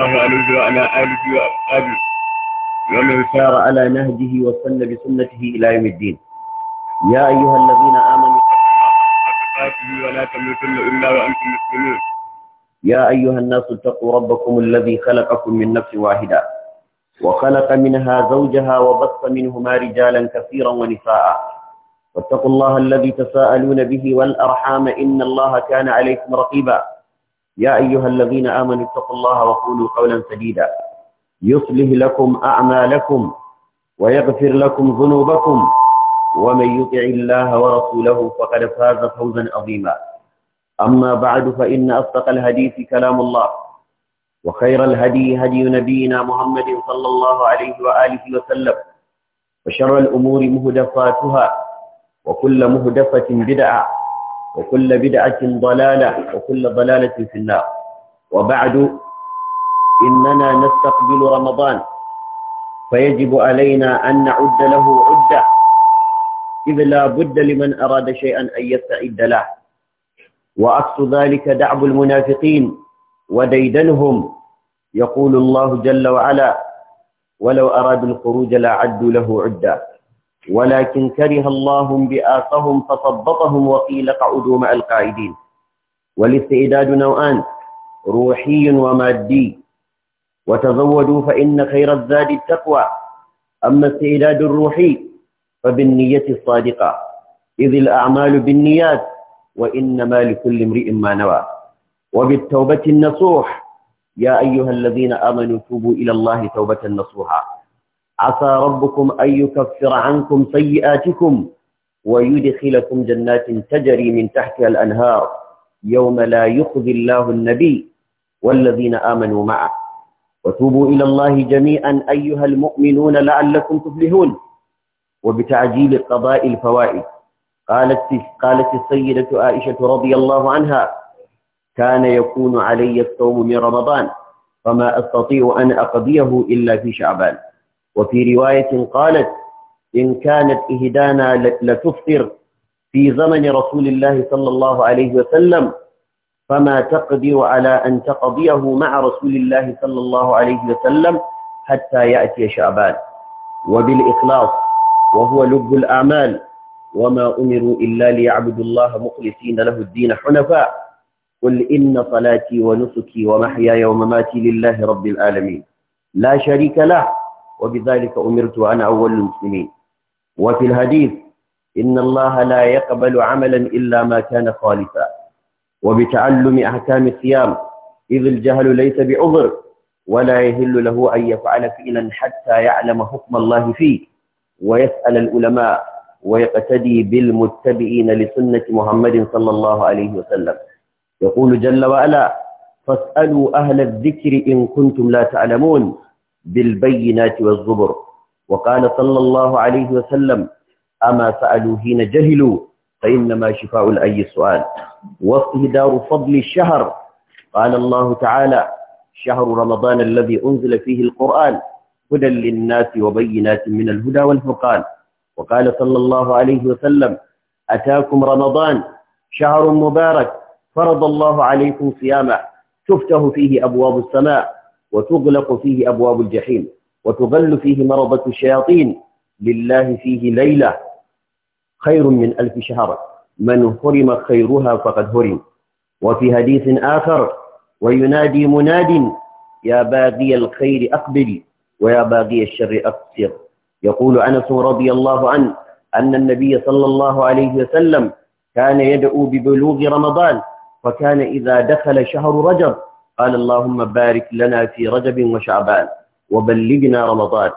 الله عليه وعلى آله وأصحابه ومن سار على نهجه وسن بسنته إلى يوم الدين يا أيها الذين آمنوا ولا تموتن إلا وأنتم مسلمون يا أيها الناس اتقوا ربكم الذي خلقكم من نفس واحدة وخلق منها زوجها وبث منهما رجالا كثيرا ونساء واتقوا الله الذي تساءلون به والأرحام إن الله كان عليكم رقيبا يا أيها الذين آمنوا اتقوا الله وقولوا قولا سديدا يصلح لكم أعمالكم ويغفر لكم ذنوبكم ومن يطع الله ورسوله فقد فاز فوزا عظيما أما بعد فإن أصدق الحديث كلام الله وخير الهدي هدي نبينا محمد صلى الله عليه وآله وسلم وشر الأمور مهدفاتها وكل مهدفة بدعة وكل بدعة ضلالة وكل ضلالة في النار وبعد إننا نستقبل رمضان فيجب علينا أن نعد له عدة إذ لا بد لمن أراد شيئا أن يستعد له وأقص ذلك دعب المنافقين وديدنهم يقول الله جل وعلا ولو أرادوا الخروج لعدوا له عدة ولكن كره الله بآقهم فثبطهم وقيل قعدوا مع القاعدين والاستعداد نوعان روحي ومادي وتزودوا فإن خير الزاد التقوى أما استعداد الروحي فبالنية الصادقة إذ الأعمال بالنيات وإنما لكل امرئ ما نوى وبالتوبة النصوح يا أيها الذين آمنوا توبوا إلى الله توبة نصوحا عسى ربكم أن يكفر عنكم سيئاتكم ويدخلكم جنات تجري من تحتها الأنهار يوم لا يخزي الله النبي والذين آمنوا معه وتوبوا إلى الله جميعا أيها المؤمنون لعلكم تفلحون وبتعجيل قضاء الفوائد قالت قالت السيدة عائشة رضي الله عنها كان يكون علي الصوم من رمضان فما أستطيع أن أقضيه إلا في شعبان وفي رواية قالت إن كانت إهدانا لتفطر في زمن رسول الله صلى الله عليه وسلم فما تقدر على أن تقضيه مع رسول الله صلى الله عليه وسلم حتى يأتي شعبان وبالإخلاص وهو لب الأعمال وما أمروا إلا ليعبدوا الله مخلصين له الدين حنفاء قل إن صلاتي ونسكي ومحياي ومماتي لله رب العالمين لا شريك له وبذلك أمرت وأنا أول المسلمين وفي الحديث إن الله لا يقبل عملا إلا ما كان خالفا وبتعلم أحكام الصيام إذ الجهل ليس بعذر ولا يهل له أن يفعل فعلا حتى يعلم حكم الله فيه ويسأل العلماء ويقتدي بالمتبعين لسنة محمد صلى الله عليه وسلم يقول جل وعلا فاسألوا أهل الذكر إن كنتم لا تعلمون بالبينات والزبر وقال صلى الله عليه وسلم أما سألوا حين جهلوا فإنما شفاء الأي السؤال دار فضل الشهر قال الله تعالى شهر رمضان الذي أنزل فيه القرآن هدى للناس وبينات من الهدى والفرقان وقال صلى الله عليه وسلم أتاكم رمضان شهر مبارك فرض الله عليكم صيامه تفتح فيه أبواب السماء وتغلق فيه أبواب الجحيم وتغل فيه مرضة الشياطين لله فيه ليلة خير من ألف شهر من حرم خيرها فقد هرم وفي حديث آخر وينادي مناد يا باغي الخير أقبل ويا باغي الشر أقصر يقول أنس رضي الله عنه أن النبي صلى الله عليه وسلم كان يدعو ببلوغ رمضان فكان إذا دخل شهر رجب قال اللهم بارك لنا في رجب وشعبان وبلغنا رمضان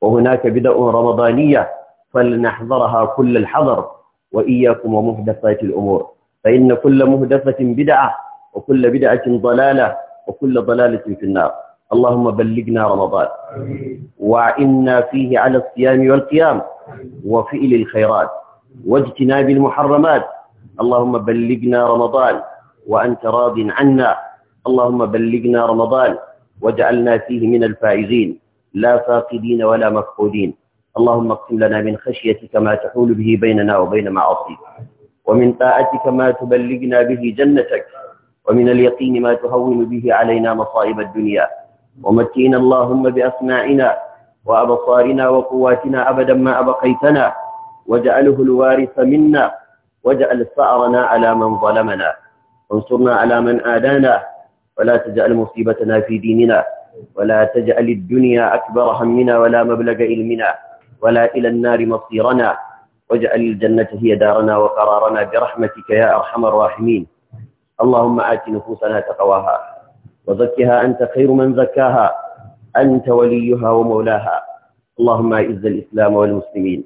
وهناك بدء رمضانية فلنحذرها كل الحذر وإياكم ومهدفات الأمور فإن كل مهدفة بدعة وكل بدعة ضلالة وكل ضلالة في النار اللهم بلغنا رمضان وإنا فيه على الصيام والقيام وفئل الخيرات واجتناب المحرمات اللهم بلغنا رمضان وأنت راض عنا اللهم بلغنا رمضان وجعلنا فيه من الفائزين لا فاقدين ولا مفقودين اللهم اقسم لنا من خشيتك ما تحول به بيننا وبين معاصيك ومن طاعتك ما تبلغنا به جنتك ومن اليقين ما تهون به علينا مصائب الدنيا ومتينا اللهم بأسماعنا وأبصارنا وقواتنا أبدا ما أبقيتنا وجعله الوارث منا وجعل ثأرنا على من ظلمنا وانصرنا على من آدانا ولا تجعل مصيبتنا في ديننا ولا تجعل الدنيا أكبر همنا ولا مبلغ علمنا ولا إلى النار مصيرنا واجعل الجنة هي دارنا وقرارنا برحمتك يا أرحم الراحمين اللهم آت نفوسنا تقواها وزكها أنت خير من زكاها أنت وليها ومولاها اللهم أعز الإسلام والمسلمين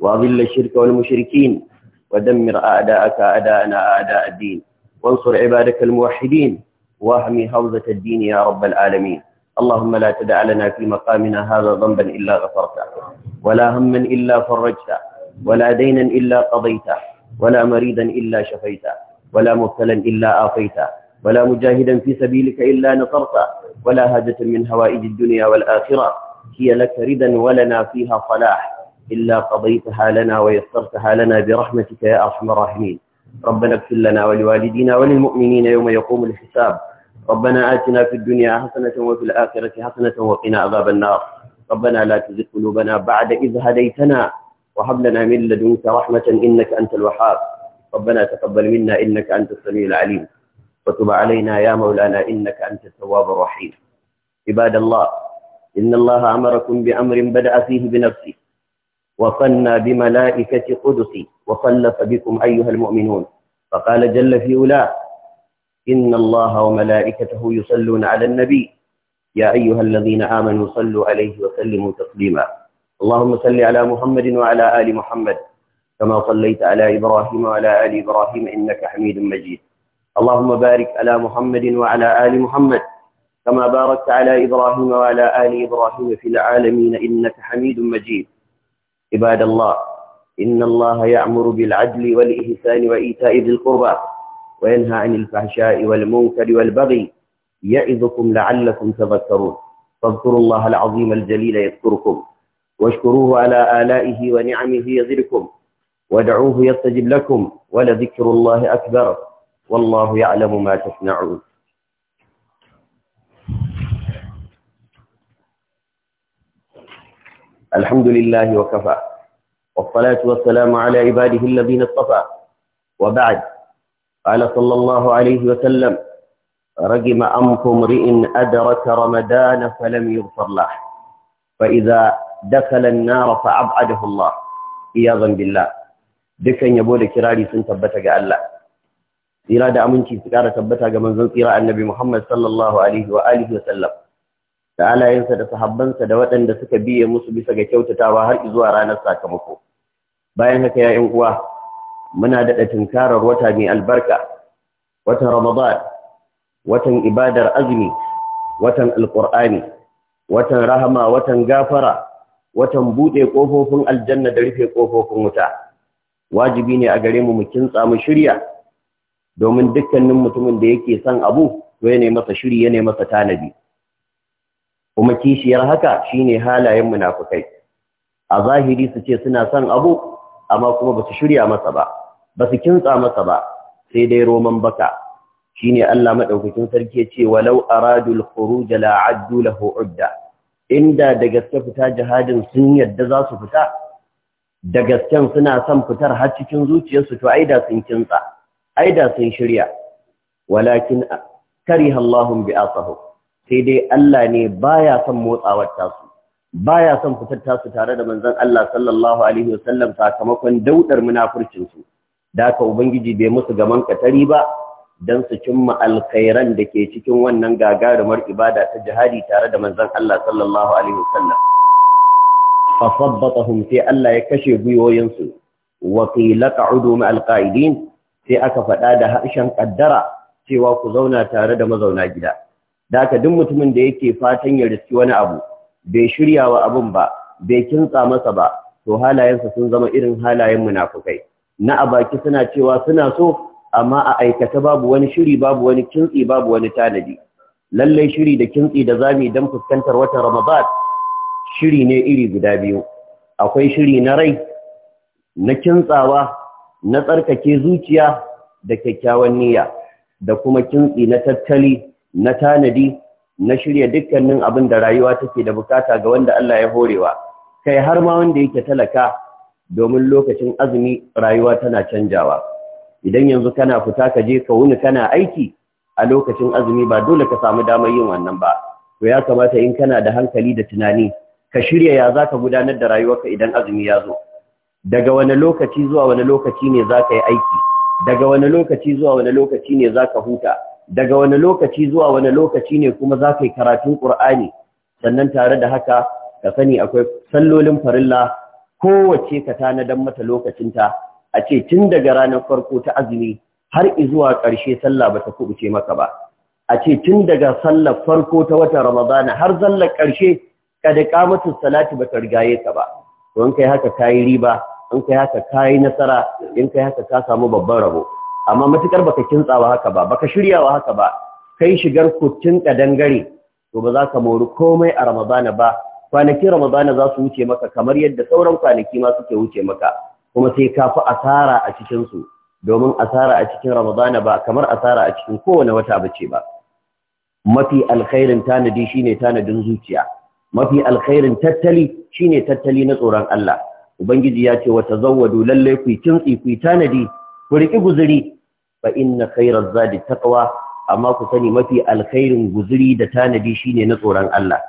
وأضل الشرك والمشركين ودمر أعداءك أعداءنا أعداء الدين وانصر عبادك الموحدين واهمي حوزة الدين يا رب العالمين اللهم لا تدع لنا في مقامنا هذا ذنبا إلا غفرته ولا هما إلا فرجته ولا دينا إلا قضيته ولا مريضا إلا شفيته ولا مبتلا إلا آفيته ولا مجاهدا في سبيلك إلا نصرته ولا هاجة من هوائج الدنيا والآخرة هي لك ردا ولنا فيها صلاح إلا قضيتها لنا ويسرتها لنا برحمتك يا أرحم الراحمين ربنا اغفر لنا ولوالدينا وللمؤمنين يوم يقوم الحساب ربنا آتنا في الدنيا حسنة وفي الآخرة حسنة وقنا عذاب النار ربنا لا تزغ قلوبنا بعد إذ هديتنا وهب لنا من لدنك رحمة إنك أنت الوهاب ربنا تقبل منا إنك أنت السميع العليم وتب علينا يا مولانا إنك أنت التواب الرحيم عباد الله إن الله أمركم بأمر بدأ فيه بنفسه وصلنا بملائكة قدسي وصلف بكم أيها المؤمنون فقال جل في أولاه إن الله وملائكته يصلون على النبي يا أيها الذين آمنوا صلوا عليه وسلموا تسليما اللهم صل على محمد وعلى آل محمد كما صليت على إبراهيم وعلى آل إبراهيم إنك حميد مجيد اللهم بارك على محمد وعلى آل محمد كما باركت على إبراهيم وعلى آل إبراهيم في العالمين إنك حميد مجيد عباد الله إن الله يأمر بالعدل والإحسان وإيتاء ذي القربى وينهى عن الفحشاء والمنكر والبغي يعظكم لعلكم تذكرون فاذكروا الله العظيم الجليل يذكركم واشكروه على آلائه ونعمه يزدكم ودعوه يستجب لكم ولذكر الله أكبر والله يعلم ما تصنعون الحمد لله وكفى والصلاة والسلام على عباده الذين اصطفى وبعد قال صلى الله عليه وسلم رجم أنف امرئ أدرك رمضان فلم يغفر له فإذا دخل النار فأبعده الله إياذا بالله dukkan يبول كرالي kirari sun tabbata ga Allah tsira da aminci su النبي محمد صلى الله عليه وآله وسلم da alayensa da sahabbansa da waɗanda suka biye musu bisa ga kyautatawa har zuwa ranar sakamako bayan haka ya uwa muna daɗa tunkarar wata mai albarka watan ramadan watan ibadar azumi watan alƙur'ani watan rahama watan gafara watan buɗe ƙofofin aljanna da rufe ƙofofin wuta wajibi ne a gare mu mu kintsa mu shirya domin dukkanin mutumin da yake son abu to ya ne masa shiri ya ne masa tanadi kuma kishiyar haka shine halayen munafukai a zahiri su ce suna son abu amma kuma basu shirya masa ba basu kinsa masa ba sai dai roman baka shine Allah madaukakin sarki ya ce walau aradul khuruj la addu lahu udda inda da gaske fita jihadin sun yadda za su fita da gasken suna son fitar har cikin zuciyarsu to aida sun kinsa aida sun shirya walakin karihallahu Allahum bi asahu sai dai Allah ne baya son motsawar tasu baya son fitar tasu tare da manzon Allah sallallahu alaihi wasallam sakamakon daudar munafurcin su da ka ubangiji bai musu gaman katari ba dan su cimma alkhairan da ke cikin wannan gagarumar ibada ta jihadi tare da manzon Allah sallallahu alaihi wasallam fasabbatahum Allah ya kashe gwiwoyinsu wa qila qa'udu ma qa'idin sai aka faɗa da harshen kaddara cewa ku zauna tare da mazauna gida da haka duk mutumin da yake fatan ya riski wani abu bai shirya wa abun ba bai kintsa masa ba to halayensa sun zama irin halayen munafukai na baki suna cewa suna so amma a aikata babu wani shiri babu wani kintsi babu wani tanadi lallai shiri da kintsi da zami dan fuskantar watan ramadan shiri ne iri guda biyu akwai shiri na rai na kintsawa na tsarkake zuciya da kyakkyawan niyya da kuma kintsi na tattali na tanadi na shirya dukkanin abin da rayuwa take da bukata ga wanda Allah ya horewa kai har ma wanda yake talaka domin lokacin azumi rayuwa tana canjawa idan yanzu kana fita ka je ka wuni kana aiki a lokacin azumi ba dole ka samu damar yin wannan ba to ya kamata in kana da hankali da tunani ka shirya ya zaka gudanar da rayuwarka idan azumi ya zo daga wani lokaci zuwa wani lokaci ne zaka yi aiki daga wani lokaci zuwa wani lokaci ne zaka huta daga wani lokaci zuwa wani lokaci ne kuma za ka yi karatun ƙur'ani sannan tare da haka ka sani akwai sallolin farilla kowace ka tanadan mata lokacinta a ce tun daga ranar farko ta azumi har zuwa ƙarshe sallah ba ta kubuce maka ba a ce tun daga sallar farko ta watan ramadana har zallar ƙarshe kada kamatu salati ba ta rigaye ka ba to in kai haka kayi riba in kai haka kayi nasara in kai haka ka samu babban rabo amma matukar baka kintsawa haka ba baka shiryawa haka ba kai shigar kucin ka dangare to ba za ka mori komai a ramadana ba kwanaki ramadana za su wuce maka kamar yadda sauran kwanaki ma suke wuce maka kuma sai ka fi asara a cikin su domin asara a cikin ramadana ba kamar asara a cikin kowane wata bace ba mafi alkhairin tanadi shine tanadin zuciya mafi alkhairin tattali shine tattali na tsoron Allah ubangiji ya ce wa tazawwadu lalle ku kintsi ku tanadi ku riki guzuri fa inna khayra zadi taqwa amma ku sani mafi alkhairin guzuri da tanadi shine na tsoron Allah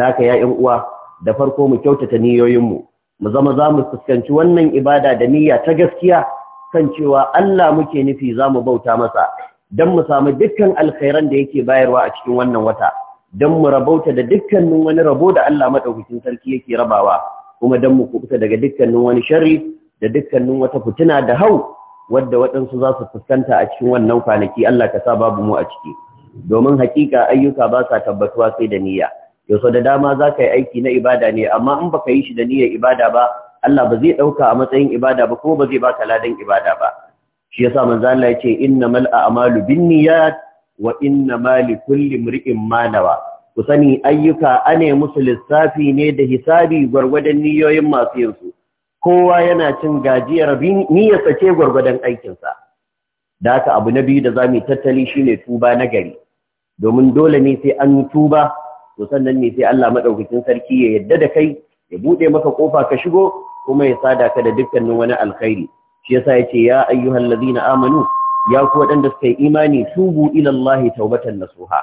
daka ya ƴan uwa da farko mu kyautata niyoyinmu mu mu zama za mu fuskanci wannan ibada da niyya ta gaskiya kan cewa Allah muke nufi za mu bauta masa dan mu samu dukkan alkhairan da yake bayarwa a cikin wannan wata dan mu rabauta da dukkanin wani rabo da Allah maɗaukakin sarki yake rabawa kuma don mu kubuta daga dukkanin wani sharri da dukkanin wata fitina da hau wadda waɗansu za su fuskanta a cikin wannan kwanaki Allah ka sa babu mu a ciki domin hakika ayyuka ba sa tabbatuwa sai da niyya yau da dama za ka yi aiki na ibada ne amma in baka yi shi da niyyar ibada ba Allah ba zai ɗauka a matsayin ibada ba kuma ba zai baka ladan ibada ba shi yasa manzo Allah ya ce innamal a'malu binniyat wa innamal likulli imri'in ma nawa ku sani ayyuka ane musu lissafi ne da hisabi gwargwadon niyoyin masu yin su kowa yana cin gajiyar niyyarsa ce gwargwadon aikinsa da abu na biyu da za mu tattali shine tuba na gari domin dole ne sai an tuba to sannan ne sai Allah madaukakin sarki ya yadda da kai ya bude maka kofa ka shigo kuma ya sada ka da dukkanin wani alkhairi shi yasa yace ya ayyuhal ladina amanu ya ku waɗanda suka yi imani tubu ila Allah taubatan nasuha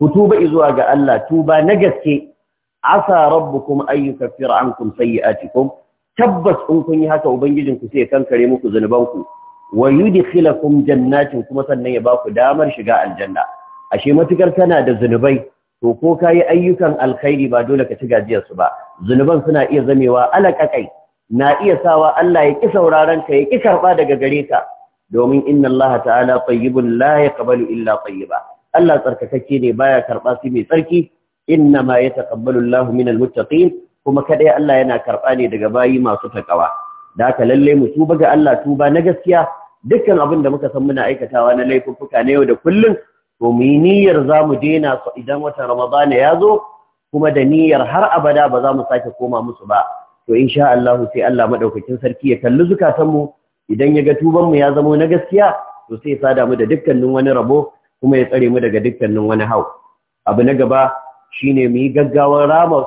ku tuba zuwa ga Allah tuba na gaske asa rabbukum ayyukan fir'ankun ankum sayyi'atikum tabbas in kun yi haka ubangijin ku sai kankare muku zunuban ku wa yudkhilakum jannatin kuma sannan ya ba ku damar shiga aljanna ashe matukar kana da zunubai to ko kayi ayyukan alkhairi ba dole ka ci gajiyar su ba zunuban suna iya zamewa alaƙaƙai na iya sawa Allah ya ki sauraron ka ya ki karba daga gare ka domin inna Allah ta'ala tayyibun la yaqbalu illa tayyiba Allah tsarkakakke ne baya karba sai mai tsarki inna ma yataqabbalu Allahu minal muttaqin kuma kadai Allah yana karɓa ne daga bayi masu takawa da haka lalle mu tuba ga Allah tuba na gaskiya dukkan abin da muka san muna aikatawa na laifuffuka na yau da kullun. to mu yi niyyar za mu daina su idan watan Ramadana ya zo kuma da niyyar har abada ba za mu sake koma musu ba to insha Allah sai Allah madaukakin sarki ya kalli zukatanmu idan ya ga tuban mu ya zama na gaskiya to sai ya sada mu da dukkanin wani rabo kuma ya tsare mu daga dukkanin wani hau abu na gaba shine mu yi gaggawar ramus.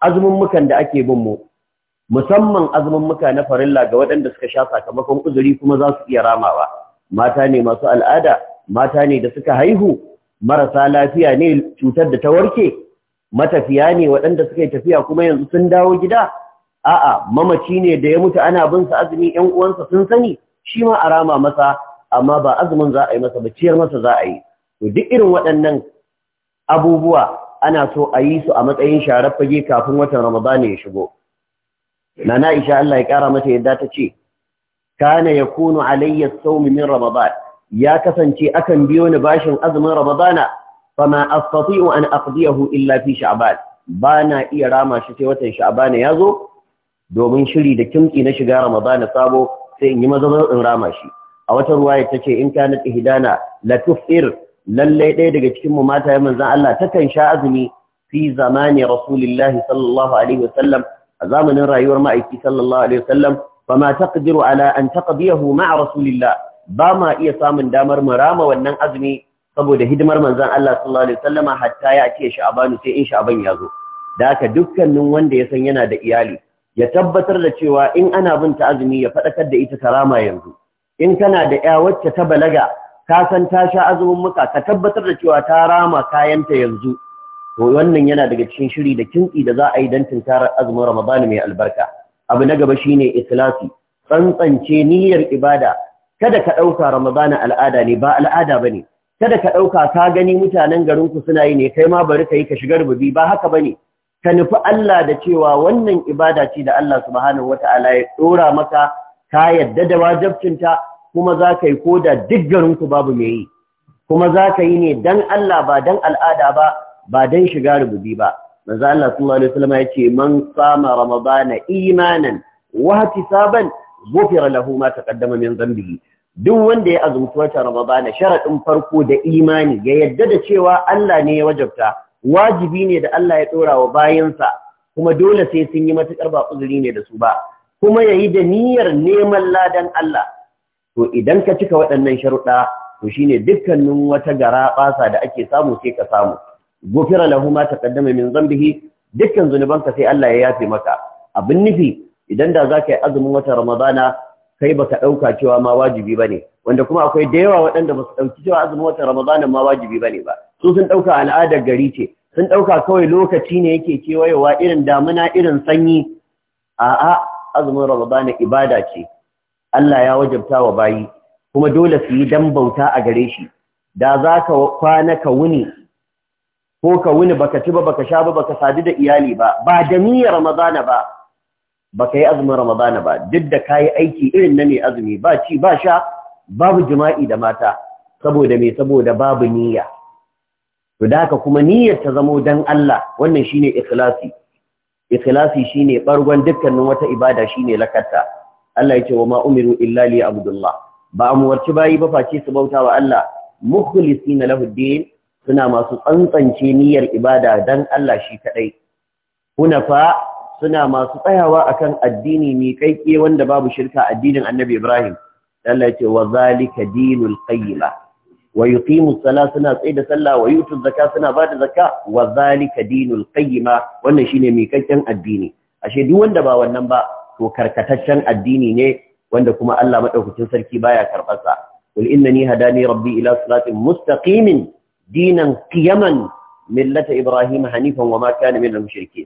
azumin mukan da ake bin mu musamman azumin muka na farilla ga waɗanda suka sha sakamakon uzuri kuma za su iya ramawa mata ne masu al'ada mata ne da suka haihu marasa lafiya ne cutar da ta warke matafiya ne waɗanda suka yi tafiya kuma yanzu sun dawo gida a'a mamaci ne da ya mutu ana bin sa azumi ƴan uwansa sun sani shi ma a rama masa amma ba azumin za a yi masa ba ciyar masa za a yi to duk irin waɗannan abubuwa ana so a yi su a matsayin sharar fage kafin watan ramadana ya shigo nana aisha Allah ya kara mata yadda ta ce kana ya alayya as min ramadan ya kasance akan biyo ni bashin azumin ramadana fama astati'u an aqdiyahu illa fi sha'ban bana iya rama shi sai watan sha'ban ya zo domin shiri da kimki na shiga ramadana sabo sai in yi maza in rama shi a wata ruwaya ce in kana ihdana la tufir Lallai ɗaya daga cikin mu mata ya manzan Allah takan sha azumi fi zamani rasulillahi sallallahu alaihi wasallam a zamanin rayuwar ma'aiki sallallahu alaihi wasallam fama taqdiru ala an taqdiyahu ma'a rasulillah ba ma iya samun damar mu rama wannan azumi saboda hidimar manzan Allah sallallahu alaihi wasallama hatta ya ce sha'abanu sai in sha'aban ya zo da haka dukkanin wanda ya san yana da iyali ya tabbatar da cewa in ana bin ta azumi ya faɗakar da ita karama yanzu in kana da ƴa wacce ta balaga Kasan san ta sha azumin muka ka tabbatar da cewa ta rama kayanta yanzu to wannan yana daga cikin shiri da kintsi da za a yi don tunkarar azumin Ramadan mai albarka abu na gaba shine ikhlasi tsantsance niyyar ibada kada ka ɗauka Ramadan al'ada ne ba al'ada ne. kada ka ɗauka ka gani mutanen garinku suna yi ne kai ma bari ka yi ka shiga rububi ba haka bane ka nufi Allah da cewa wannan ibada ce da Allah subhanahu wata'ala ya ɗora maka ka yadda da wajibcinta kuma za ka yi ko da duk garinku babu mai yi kuma za ka yi ne dan Allah ba dan al'ada ba ba dan shiga rububi ba manzo Allah sallallahu alaihi wasallam yace man sama ramadana imanan wafi sabon ghufira lahu ma taqaddama min dhanbihi duk wanda ya azumci wata ramadana sharaɗin farko da imani ya yadda da cewa Allah ne ya wajabta wajibi ne da Allah ya dora wa bayansa kuma dole sai sun yi matukar ba uzuri ne da su ba kuma yayi da niyyar neman ladan Allah to idan ka cika waɗannan sharuɗa to shine dukkanin wata gara ɓasa da ake samu sai ka samu gofira lahu ma ƙaddama min bihi dukkan zunubanka sai Allah ya yafe maka abin nufi idan da za ka yi azumin wata ramadana kai baka ɗauka cewa ma wajibi ne. wanda kuma akwai da yawa waɗanda ba su ɗauki cewa azumin wata ramadana ma wajibi ne ba su sun ɗauka al'adar gari ce sun ɗauka kawai lokaci ne yake kewayewa irin damuna irin sanyi a'a azumin ramadana ibada ce Allah ya wajabta wa bayi kuma dole su yi dan bauta a gare shi da za ka kwana ka wuni ko ka wuni baka ci ba baka sha ba baka sadu da iyali ba ba da niyyar ramadana ba baka yi azumin ramadana ba duk da kayi aiki irin na ne azumi ba ci ba sha babu jima'i da mata saboda me saboda babu niyya to da haka kuma niyyar ta zamo dan Allah wannan shine ikhlasi ikhlasi shine bargon dukkanin wata ibada shine lakatta Allah ya ce wa ma umiru illa li abdullah ba amurci bayi ba face su bauta wa Allah mukhlisina lahu din suna masu tsantsance niyyar ibada dan Allah shi kadai hunafa suna masu tsayawa akan addini mai kaikke wanda babu shirka addinin Annabi Ibrahim Allah ya ce wa zalika dinul qayyima wa yuqimu sala suna tsaye da sallah wa yutu zakka suna ba da zakka wa zalika dinul qayyima wannan shine mikakken addini ashe duk wanda ba wannan ba to karkataccen addini ne wanda kuma Allah madaukakin sarki baya karbasa. sa qul innani hadani rabbi ila siratin mustaqimin dinan qiyaman millata ibrahim hanifan wama kana minal mushrikeen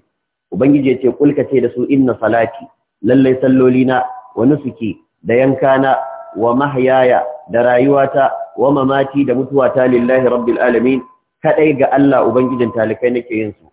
ubangiji yace qul kace da su inna salati lalle sallolina wa nusuki da yankana wa mahyaya da rayuwata wa mamati da mutuwata lillahi rabbil alamin kadai ga Allah ubangijin talikai nake yin su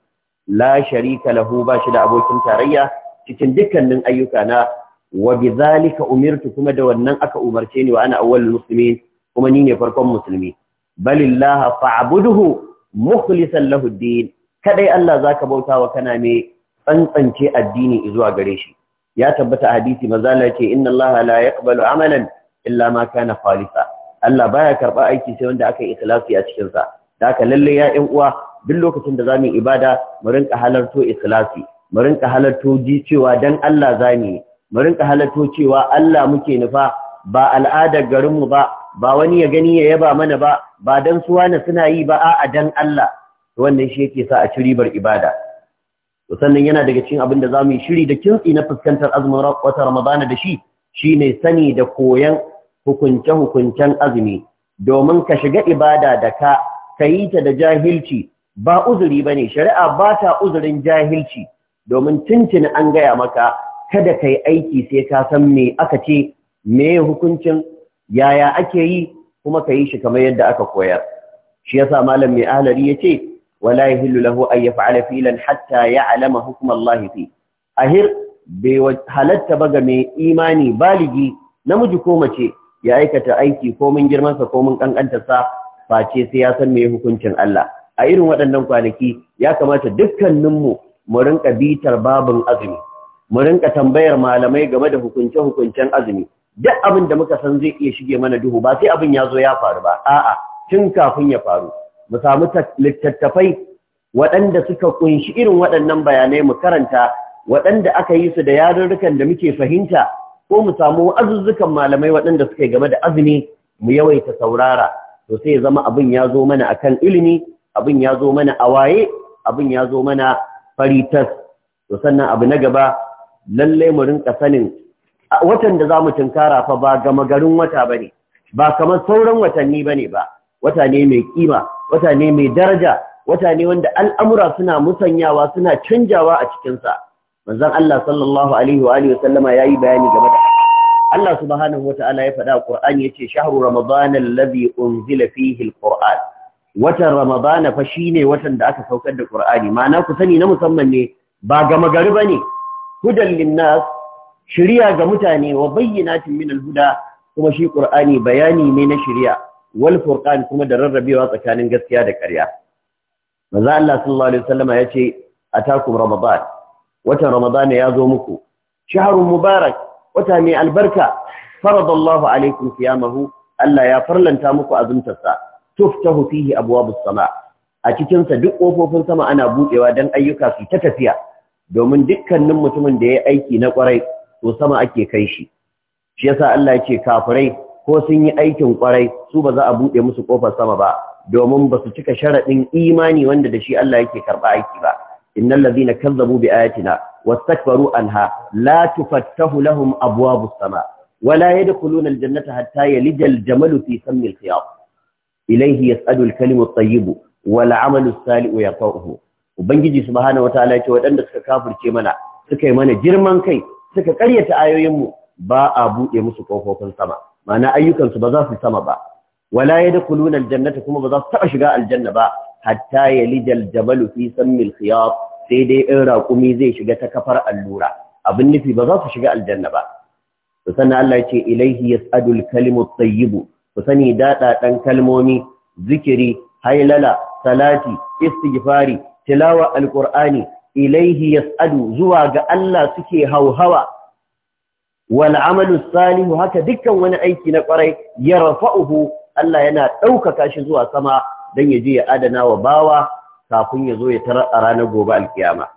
la sharika lahu ba shi da abokin tarayya cikin dukkanin ayyuka na wa bidhalika umirtu kuma da wannan aka umarce ni wa ana awwalul muslimin kuma ni ne farkon musulmi balillaha fa'buduhu mukhlishan lahu din kadai Allah zaka bautawa kana mai tsantsance addini zuwa gare shi ya tabbata hadisi mazala ce inna Allah la yaqbalu amalan illa ma kana khalisa Allah baya karba aiki sai wanda aka yi ikhlasi a cikin sa da haka lalle ya ƴan uwa duk lokacin da zamu ibada mu rinka halarto ikhlasi mu rinka halatto ji cewa dan Allah zani mu rinka halatto cewa Allah muke nufa ba al'adar garinmu ba ba wani ya gani ya yaba mana ba ba dan suwa na suna yi ba a'a dan Allah wannan shi yake sa a ci ribar ibada sannan yana daga cikin abin da za mu yi shiri da kintsi na fuskantar azumin wata ramadana da shi shine sani da koyan hukunce-hukuncen azumi domin ka shiga ibada da ka ka yi ta da jahilci ba uzuri ba ne shari'a ba ta uzurin jahilci domin tuntuni an gaya maka kada ka yi aiki sai ka san me aka ce me hukuncin yaya ake yi kuma ka yi shi kamar yadda aka koyar shi yasa malam mai ahlari ya ce wala yahillu lahu an yaf'ala filan hatta ya'lama hukm Allah fi ahir bai halatta ba ga mai imani baligi namiji ko mace ya aikata aiki ko mun girmansa ko mun kankantarsa face sai ya san me hukuncin Allah a irin waɗannan kwanaki ya kamata dukkaninmu mu rinka bitar babin azumi mu rinka tambayar malamai game da hukunce-hukuncen azumi duk abin da muka san zai iya shige mana duhu ba sai abin ya zo ya faru ba a'a tun kafin ya faru mu samu littattafai waɗanda suka kunshi irin waɗannan bayanai mu karanta waɗanda aka yi su da yarurrukan da muke fahimta ko mu samu azuzzukan malamai waɗanda suka yi game da azumi mu yawaita saurara to sai zama abin ya zo mana akan ilimi abin ya zo mana a waye abin ya zo mana fari tas to sannan abu na gaba lalle mu rinka sanin watan da zamu tunkara fa ba gama garin wata bane ba kamar sauran watanni bane ba wata ne mai kima wata ne mai daraja wata ne wanda al'amura suna musanyawa suna canjawa a cikin sa manzon Allah sallallahu alaihi wa alihi wasallama yayi bayani game da Allah subhanahu ta'ala ya faɗa Qur'ani yace shahru ramadana alladhi unzila fihi alquran watan ramadana fa shine watan da aka saukar da qur'ani ma'ana ku sani na musamman ne ba ga magari bane hudan linnas shiriya ga mutane wa bayyinatin min alhuda kuma shi qur'ani bayani ne na shirya. wal furqan kuma da rarrabewa tsakanin gaskiya da ƙarya manzo Allah sallallahu alaihi wasallama yace atakum ramadan watan ramadana ya zo muku shahrun mubarak wata mai albarka faradallahu alaikum siyamahu Allah ya farlanta muku azumtarsa tuftahu fihi abwabus sama a cikin sa duk kofofin sama ana budewa dan ayyuka su ta tafiya domin dukkanin mutumin da ya aiki na kwarai to sama ake kai shi shi yasa Allah ya ce kafirai ko sun yi aikin kwarai su ba za a bude musu kofar sama ba domin ba su cika sharadin imani wanda da shi Allah yake karba aiki ba innal ladhina kazzabu bi ayatina wastakbaru anha la tufattahu lahum abwabus sama wala يدخلون الجنة حتى يلج الجمل في سم الخياط ilaihi adul al-kalimu at-tayyib wal 'amalu as-salihu yaqahu ubangiji subhanahu wataala ya ce waɗanda suka kafurce mana suka yi mana girman kai suka karyata ayoyinmu ba a buɗe musu kofofin sama ma'ana ayyukansu ba za su sama ba wala yadkhuluna al-jannata kuma ba za su taba shiga aljanna ba hatta yalijal jabalu fi sammil khiyat sai dai in raƙumi zai shiga ta kafar allura abin nufi ba za su shiga aljanna ba sannan Allah ya ce ilaihi yas'adul kalimu at ku sani daɗaɗan kalmomi zikiri hailala salati istighfari tilawa alqur'ani ilaihi yas'adu zuwa ga Allah suke hauhawa wal amalu salihu haka dukkan wani aiki na kwarai yarfa'uhu Allah yana ɗaukaka shi zuwa sama dan ya je ya adana wa bawa kafin ya zo ya tarar a ranar gobe alkiyama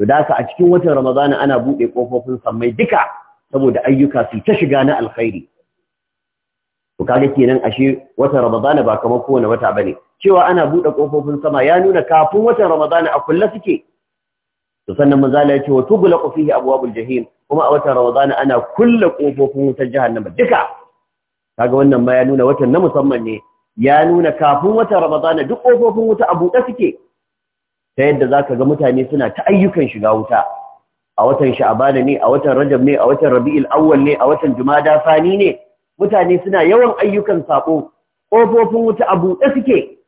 to da haka a cikin watan ramadana ana buɗe kofofin sammai duka saboda ayyuka su ta shiga na alkhairi to kaga kenan ashe wata ramadana ba kamar kowane wata bane cewa ana bude kofofin sama ya nuna kafin watan ramadana a kulle suke to sannan manzala ya ce wa tughlaqu fihi abwabul jahim kuma a watan ramadana ana kulle kofofin wutar jahannama duka kaga wannan ma ya nuna watan na musamman ne ya nuna kafin watan ramadana duk kofofin wuta a bude suke ta yadda zaka ga mutane suna ta ayyukan shiga wuta a watan sha'abana ne a watan rajab ne a watan rabi'ul awwal ne a watan jumada fani ne mutane suna yawan ayyukan saƙo. ƙofofin wuta a buɗe suke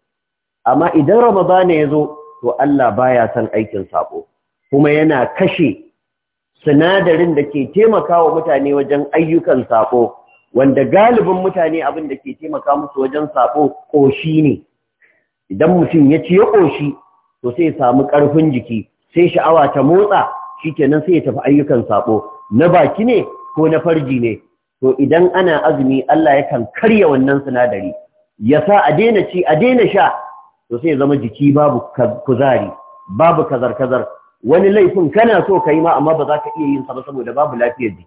amma idan ramadana ya zo to Allah baya san aikin saƙo. kuma yana kashe sinadarin da ke taimakawa mutane wajen ayyukan saƙo, wanda galibin mutane abin da ke taimaka musu wajen saƙo ƙoshi ne idan mutum ya ci ƙoshi to sai ya samu ƙarfin jiki sai sha'awa ta motsa shi kenan sai ya tafi ayyukan saƙo. na baki ne ko na farji ne to idan ana azumi Allah yakan karya wannan sinadari ya sa a daina ci a daina sha to sai zama jiki babu kuzari babu kazar-kazar wani laifin kana so ka yi ma amma ba za ka iya yin sa ba saboda babu lafiyar jiki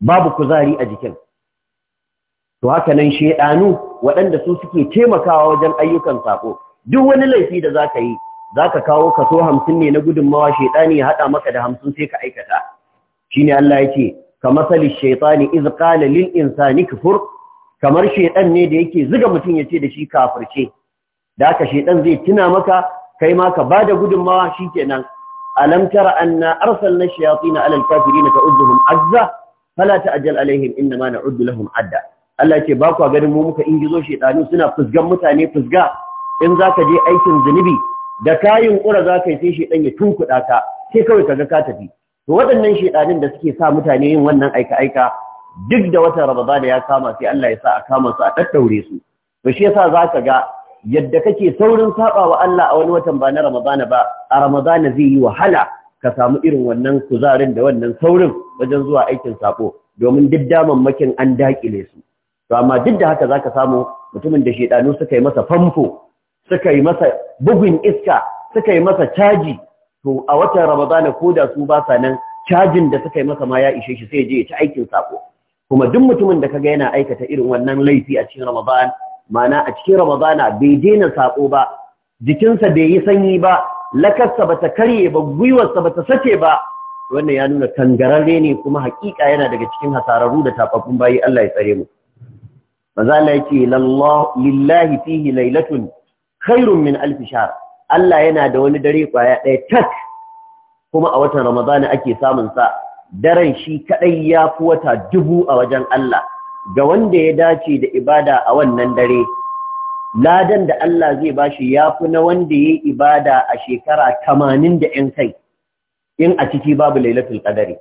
babu kuzari a jikin to haka nan shedanu waɗanda su suke taimakawa wajen ayyukan sako duk wani laifi da za ka yi za ka kawo kaso hamsin ne na gudunmawa shedani ya haɗa maka da hamsin sai ka aikata shine Allah ya ce kamasali shaitani iz lil insani kufur kamar shaitan ne da yake zuga mutum yace da shi kafirce da haka shaitan zai tuna maka kai ma ka bada gudunmawa shikenan alam tara anna arsalna na ala al kafirin ta'udduhum azza fala ta'jal alaihim inna ma na'uddu lahum adda Allah ce ba ganin mu muka ingizo shaitanu suna fusgan mutane fusga in zaka je aikin zunubi da kayin kura zaka yi sai shaitan ya tunkuda ka sai kawai kaga ka tafi to waɗannan shaidanin da suke sa mutane yin wannan aika aika duk da watan Ramadan ya kama sai Allah ya sa a kama su a daddaure su to shi yasa zaka ga yadda kake saurin saba wa Allah a wani watan ba na Ramadan ba a Ramadan zai yi wahala ka samu irin wannan kuzarin da wannan saurin wajen zuwa aikin sako domin duk damammakin an dakile su to amma duk da haka zaka samu mutumin da shaidanu suka yi masa famfo suka yi masa bugun iska suka yi masa caji to a watan ramadana ko da su ba sa nan cajin da suka yi masa ma ya ishe shi sai je ya ci aikin sako kuma duk mutumin da kaga yana aikata irin wannan laifi a cikin ramadan ma'ana a cikin ramadana bai daina sako ba jikinsa bai yi sanyi ba lakarsa bata karye ba gwiwarsa bata sace ba wannan ya nuna tangararre ne kuma hakika yana daga cikin hasararru da tafafun bayi Allah ya tsare mu manzo Allah yake lillahi fihi lailatun khairun min alf shahr Allah yana da wani dare kwaya ɗaya tak kuma a watan Ramadana ake samun sa daren shi kaɗai ya fi wata dubu a wajen Allah ga wanda ya dace da ibada a wannan dare ladan da Allah zai bashi ya fi na wanda ya yi ibada a shekara tamanin da ‘yan kai in a ciki babu lailatul ƙadari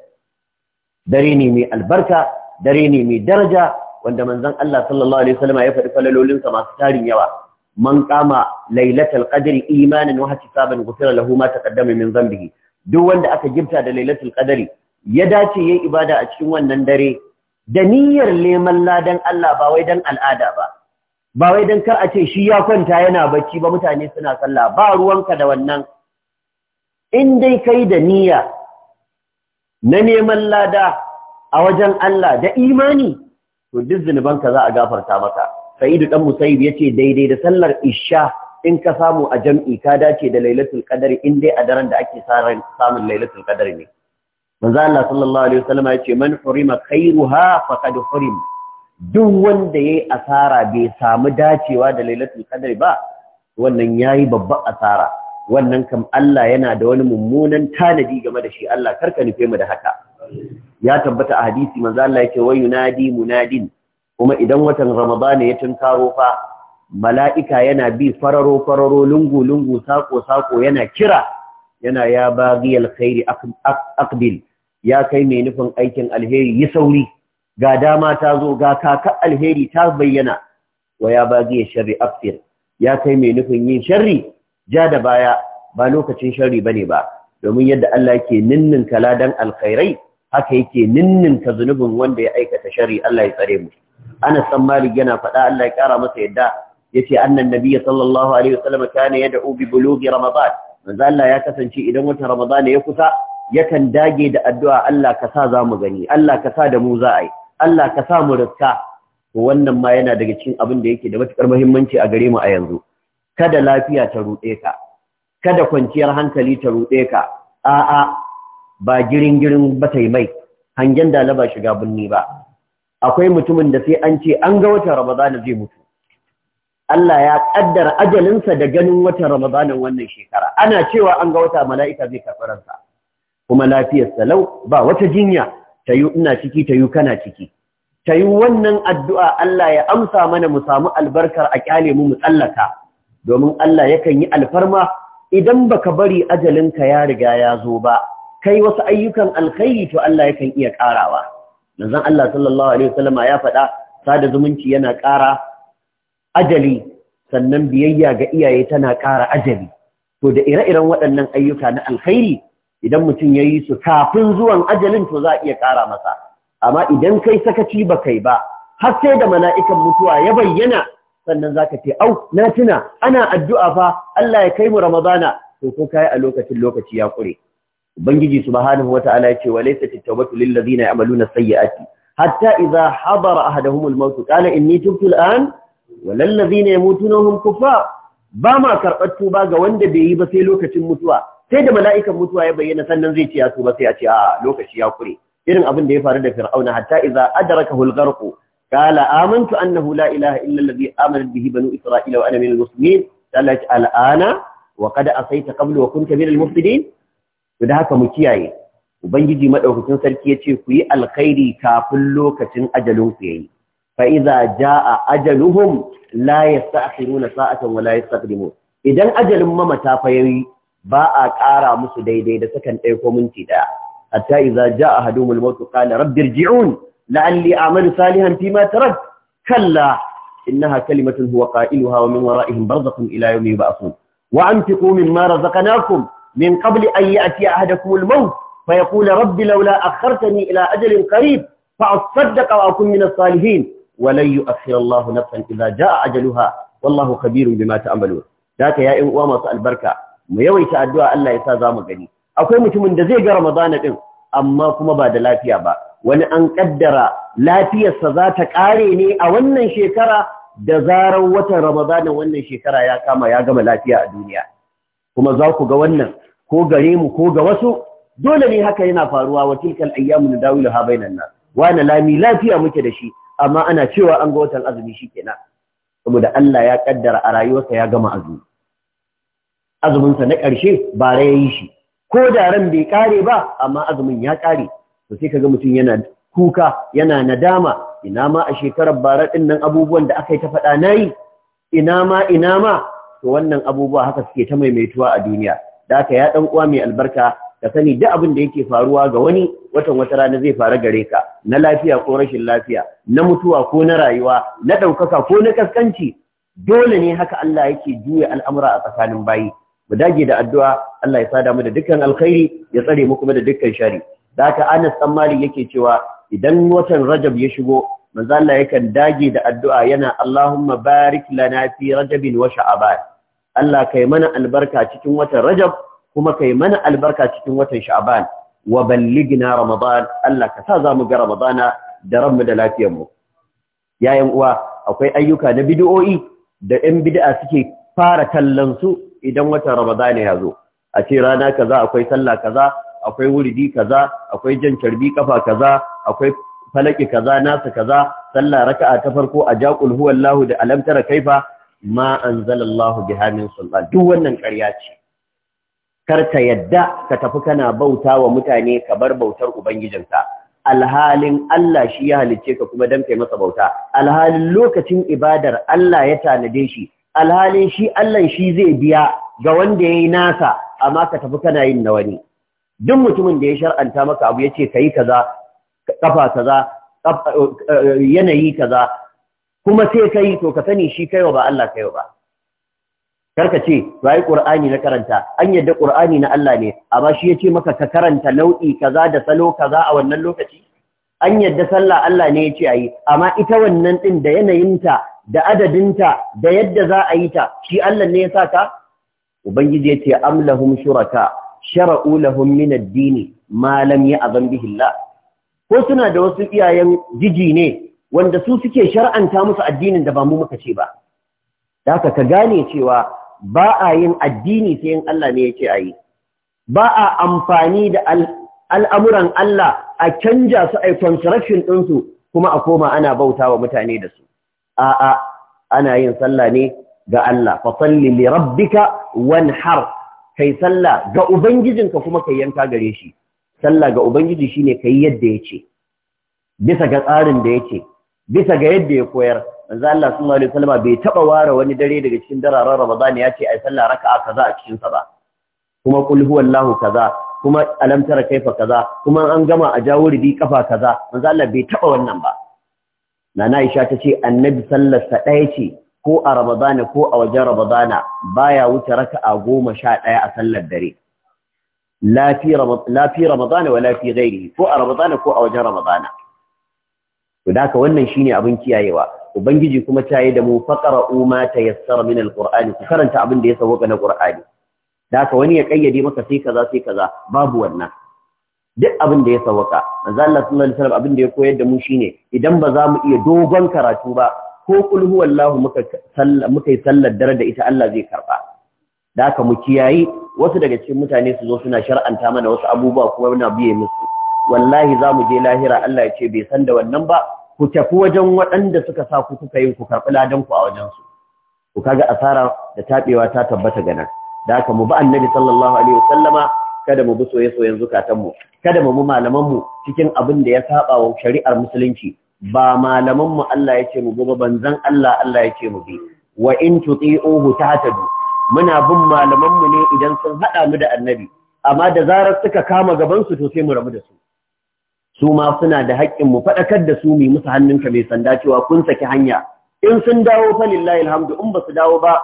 dare ne mai albarka dare ne mai daraja wanda manzon Allah sallallahu Alaihi wasallam ya faɗi falalolinsa masu tarin yawa man kama lailatul qadri imanan wa hisaban ghufira lahu ma taqaddama min dhanbihi duk wanda aka gifta da lailatul qadri ya dace yayi ibada a cikin wannan dare da niyyar neman ladan Allah ba wai dan al'ada ba ba wai dan kar a ce shi ya kwanta yana bacci ba mutane suna sallah ba ruwanka da wannan in dai kai da niyya na neman lada a wajen Allah da imani to duk zunubanka za a gafarta maka sa'idu dan musayyib yace daidai da sallar isha in ka samu a jam'i ka dace da lailatul qadari in dai a daren da ake samun lailatul qadari ne manzo Allah sallallahu alaihi wasallam yace man hurima khairuha faqad hurim duk wanda yayi asara bai samu dacewa da lailatul qadari ba wannan yayi babban asara wannan kam Allah yana da wani mummunan tanadi game da shi Allah karka nufe mu da haka ya tabbata a hadisi manzo Allah yake wa munadin kuma idan watan ramadana ya tunkaro fa mala'ika yana bi fararo fararo lungu lungu sako sako yana kira yana ya giyar khairi aqbil ya kai mai nufin aikin alheri yi sauri ga dama ta zo ga kaka alheri ta bayyana wa ya baghiyal sharri Akbil? ya kai mai nufin yin sharri ja da baya ba lokacin sharri ne ba domin yadda Allah yake kala dan alkhairai haka yake ninninta zunubin wanda ya aikata shari Allah ya tsare mu Anas san Malik yana faɗa Allah ya ƙara masa yadda yace annan nabiyyi sallallahu alaihi wasallam kana yad'u bi bulughi ramadan manzo Allah ya kasance idan wata ramadan ya kusa yakan dage da addu'a Allah ka sa za mu gani Allah ka sa da mu za a yi Allah ka sa mu riska wannan ma yana daga cikin abin da yake da matukar muhimmanci a gare mu a yanzu kada lafiya ta rude ka kada kwanciyar hankali ta rude ka a'a ba girin girin ba ta yi mai hangen da ba shiga birni ba akwai mutumin da sai an ce an ga watan ramadana zai mutu Allah ya kaddara ajalinsa da ganin watan ramadana wannan shekara ana cewa an ga wata mala'ika zai karɓi sa. kuma lafiyar salau ba wata jinya tayu ina ciki tayu kana ciki yi wannan addu'a Allah ya amsa mana mu samu albarkar a kyale mu mu tsallaka domin Allah yakan yi alfarma idan baka bari ajalinka ya riga ya zo ba kai wasu ayyukan alkhairi to Allah yakan iya karawa manzon Allah sallallahu alaihi ya faɗa sada zumunci yana ƙara ajali sannan biyayya ga iyaye tana ƙara ajali to da ire-iren waɗannan ayyuka na alkhairi idan mutum ya yi su kafin zuwan ajalin to za a iya ƙara masa amma idan kai sakaci ba kai ba har sai da mala'ikan mutuwa ya bayyana sannan zaka ce au na tuna ana addu'a fa Allah ya kai mu ramadana to ko kai a lokacin lokaci ya kure ubangiji subhanahu wata'ala ce wa laysa at-tawbatu lil ladina ya'maluna as-sayyi'ati hatta idha hadara ahaduhum al-maut qala inni tubtu al-an wa lil ladina yamutuna hum kufa ba ma karɓar tuba ga wanda bai yi ba sai lokacin mutuwa sai da mala'ikan mutuwa ya bayyana sannan zai ce ya tuba sai a ce a lokaci ya kure irin abin da ya faru da fir'auna hatta idza adrakahu al-gharq qala amantu annahu la ilaha illa alladhi amanat bihi banu isra'ila wa ana min al-muslimin qala al'ana wa a saita qablu wa kunta min al to da haka mu kiyaye ubangiji madaukakin sarki ce ku yi alkhairi kafin lokacin ajalin ku yayi fa idza jaa ajaluhum la yasta'khiruna sa'atan wa la idan ajalin mamata fa yayi ba a ƙara musu daidai da sakan ɗaya ko minti ɗaya hatta a jaa ahadumul maut qala rabbi irji'un la'alli a'malu salihan fima tarak kalla إنها كلمة هو قائلها ومن ورائهم برزق Wa an يبعثون وأنفقوا مما رزقناكم min qabli a ya'tiya ahadakum al-maut fa yaqulu rabbi laula akhartani ila ajalin qarib fa asaddaqa wa akun min as-salihin Walayyu lan yu'akhkhira Allah nafsan idha jaa ajaluha wallahu khabirun bima ta'malun daka ya in uwa masu albarka mu yawaita addu'a Allah ya sa zamu gani akwai mutumin da zai ga Ramadana din amma kuma ba da lafiya ba wani an kaddara lafiyarsa za ta kare ne a wannan shekara da zarar watan Ramadanin wannan shekara ya kama ya gama lafiya a duniya kuma za ku ga wannan ko gare mu ko ga wasu dole ne haka yana faruwa wa tilkal ayyamu nadawilu ha bainan nas wani lami lafiya muke da shi amma ana cewa an ga watan azumi shikenan saboda Allah ya kaddara a rayuwarsa ya gama azumi azuminsa na karshe ba ya yi shi ko da ran bai kare ba amma azumin ya kare to sai kaga mutum yana kuka yana nadama ina ma a shekarar bara din nan abubuwan da aka yi ta faɗa nayi ina ma ina ma to wannan abubuwa haka suke ta maimaituwa a duniya da aka ya dan uwa mai albarka ka sani duk abin da yake faruwa ga wani watan wata rana zai faru gare ka na lafiya ko rashin lafiya na mutuwa ko na rayuwa na ɗaukaka ko na kaskanci dole ne haka Allah yake juya al'amura a tsakanin bayi mu dage da addu'a Allah ya sada mu da dukkan alkhairi ya tsare mu kuma da dukkan shari da haka Anas dan Malik yake cewa idan watan Rajab ya shigo manzo Allah yakan dage da addu'a yana Allahumma barik lana fi Rajabin wa Sha'ban Allah kai mana albarka cikin watan Rajab kuma kai mana albarka cikin watan Sha'ban wa balligna Ramadan Allah ka sa za mu ga Ramadana da ranmu da lafiyar mu yayin uwa akwai ayyuka na bid'o'i da 'yan bid'a suke fara kallon su idan watan Ramadan ya zo a ce rana kaza akwai sallah kaza akwai wuridi kaza akwai jan carbi kafa kaza akwai falaki kaza nasa kaza sallah raka'a ta farko a jaqul huwallahu da alam kaifa ma anzalallahu biha min sultan duk wannan ƙarya ce kar ka yadda ka tafi kana bauta wa mutane ka bar bautar ubangijinka alhalin Allah shi ya halicce ka kuma dan masa bauta alhalin lokacin ibadar Allah ya tanade shi alhalin shi Allah shi zai biya ga wanda yayi nasa amma ka tafi kana yin na wani duk mutumin da ya shar'anta maka abu ka yi kaza kafa kaza eh, eh, yanayi kaza kuma sai ka yi to ka sani shi kaiwa ba Allah kaiwa ba karka ce wai qur'ani na karanta an yadda qur'ani na Allah ne amma shi yace maka ka karanta nau'i kaza da salo kaza a wannan lokaci an yadda sallah Allah ne yace ayi amma ita wannan din da yanayinta da adadinta da yadda za a yi ta shi Allah ne ya sa ka? ubangiji yace amlahum shuraka shara'u lahum min ad-din ma lam ya'zam bihi Allah ko suna da wasu iyayen jiji ne wanda su suke shar'anta musu addinin da ba mu muka ce ba da ka gane cewa ba a yin addini sai in Allah ne ya ce a yi ba a amfani da al'amuran Allah a canja su a construction ɗinsu kuma a koma ana bauta wa mutane da su a'a ana yin sallah ne ga Allah salli li rabbika wanhar kai sallah ga ubangijinka kuma kai yanka gare shi sallah ga ubangiji shine kai yadda yace bisa ga tsarin da yake bisa ga yadda ya koyar manzo Allah sallallahu alaihi wasallam bai taba ware wani dare daga cikin dararen Ramadan ya ce ai sallah raka'a kaza a cikin sa ba kuma qul huwallahu kaza kuma alam tara kaifa kaza kuma an gama a jawo ribi kafa kaza manzo Allah bai taba wannan ba na Aisha ta ce annabi sallar sa daya ce ko a Ramadana ko a wajen Ramadana baya wuce raka'a goma sha ɗaya a sallar dare Lafi fi Ramadana wa la fi ghairihi ko a Ramadana ko a wajen Ramadana to da wannan shine abin kiyayewa ubangiji kuma ta yi da mu faqara ma tayassara min alqur'ani ku karanta abin da ya sauka na qur'ani da wani ya kayyade maka sai kaza sai kaza babu wannan duk abin da ya sauka manzo Allah sallallahu alaihi wasallam abin da ya koyar da mu shine idan ba za mu iya dogon karatu ba ko kul huwallahu muka muka yi sallar dare da ita Allah zai karba da mu kiyayi wasu daga cikin mutane su zo suna shar'anta mana wasu abubuwa kuma muna biye musu wallahi za mu je lahira Allah ya ce bai san da wannan ba ku tafi wajen waɗanda suka sa ku kuka yi ku karɓi ladan ku a wajensu ku kaga asara da taɓewa ta tabbata ga nan da haka mu bi annabi sallallahu alaihi wasallama kada mu bi soye-soyen zukatanmu kada mu bi malamanmu cikin abin da ya saba wa shari'ar musulunci ba malamanmu Allah ya ce mu bi ba, banzan Allah Allah ya ce mu bi wa in tuti'uhu tahtadu muna bin malamanmu ne idan sun haɗa mu da annabi amma da zarar suka kama gabansu su to sai mu rabu da su su ma suna da haƙƙin mu faɗakar da su mu musu hannunka mai sanda cewa kun saki hanya in sun dawo fa lillahi alhamdu in ba su dawo ba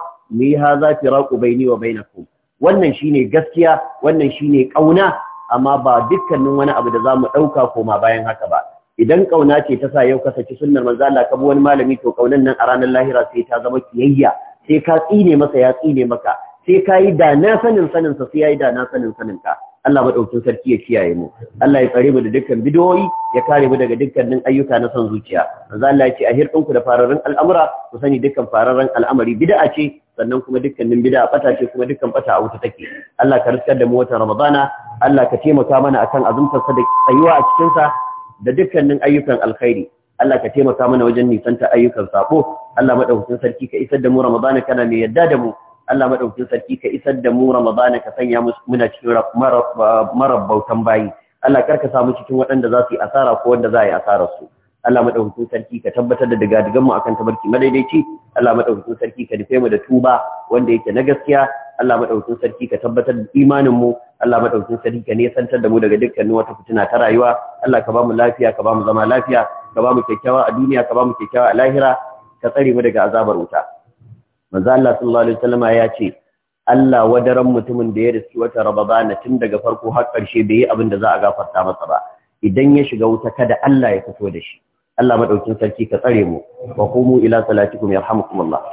ha za ki firaqu baini wa bainakum wannan shine gaskiya wannan shine ƙauna, amma ba dukkanin wani abu da zamu ɗauka koma bayan haka ba idan ƙauna ce ta sa yau ka saki sunnar manzo Allah ka bi wani malami to kaunan nan a ranar lahira sai ta zama kiyayya sai ka tsine masa ya tsine maka sai ka yi da na sanin saninsa sai ya yi da na sanin saninka Allah madaukakin sarki ya kiyaye mu Allah ya tsare mu da dukkan bidoyi ya kare mu daga dukkanin ayyuka na son zuciya manzo Allah ya ce a hirɗinku da fararen al'amura ku sani dukkan fararren al'amari bid'a ce sannan kuma dukkanin bid'a bata ce kuma dukkan bata a wuta take Allah ka riskar da mu watan Ramadana Allah ka taimaka mana akan azumtar sa da tsayuwa a cikin sa da dukkanin ayyukan alkhairi Allah ka taimaka mana wajen nisanta ayyukan sako Allah madaukakin sarki ka isar da mu Ramadana kana mai yadda da mu Allah madaukakin sarki ka isar da mu ramadana ka sanya muna cikin marabbautan bayi Allah kar ka mu cikin waɗanda za su yi asara ko wanda za a yi asarar su Allah madaukakin sarki ka tabbatar da digadigan mu akan tabarki madaidaici Allah madaukakin sarki ka rufe mu da tuba wanda yake na gaskiya Allah madaukakin sarki ka tabbatar da imanin mu Allah madaukakin sarki ka nesantar da mu daga dukkanin wata fitina ta rayuwa Allah ka ba mu lafiya ka ba mu zama lafiya ka ba mu kyakkyawa a duniya ka ba mu kyakkyawa a lahira ka tsare mu daga azabar wuta manzo Allah sallallahu alaihi wasallam ya ce Allah wadaran mutumin da ya riski wata rababana tun daga farko har ƙarshe bai yi abin da za a gafarta masa ba idan ya shiga wuta kada Allah ya fito da shi Allah madaukin sarki ka tsare mu wa qumu ila salatikum yarhamukumullah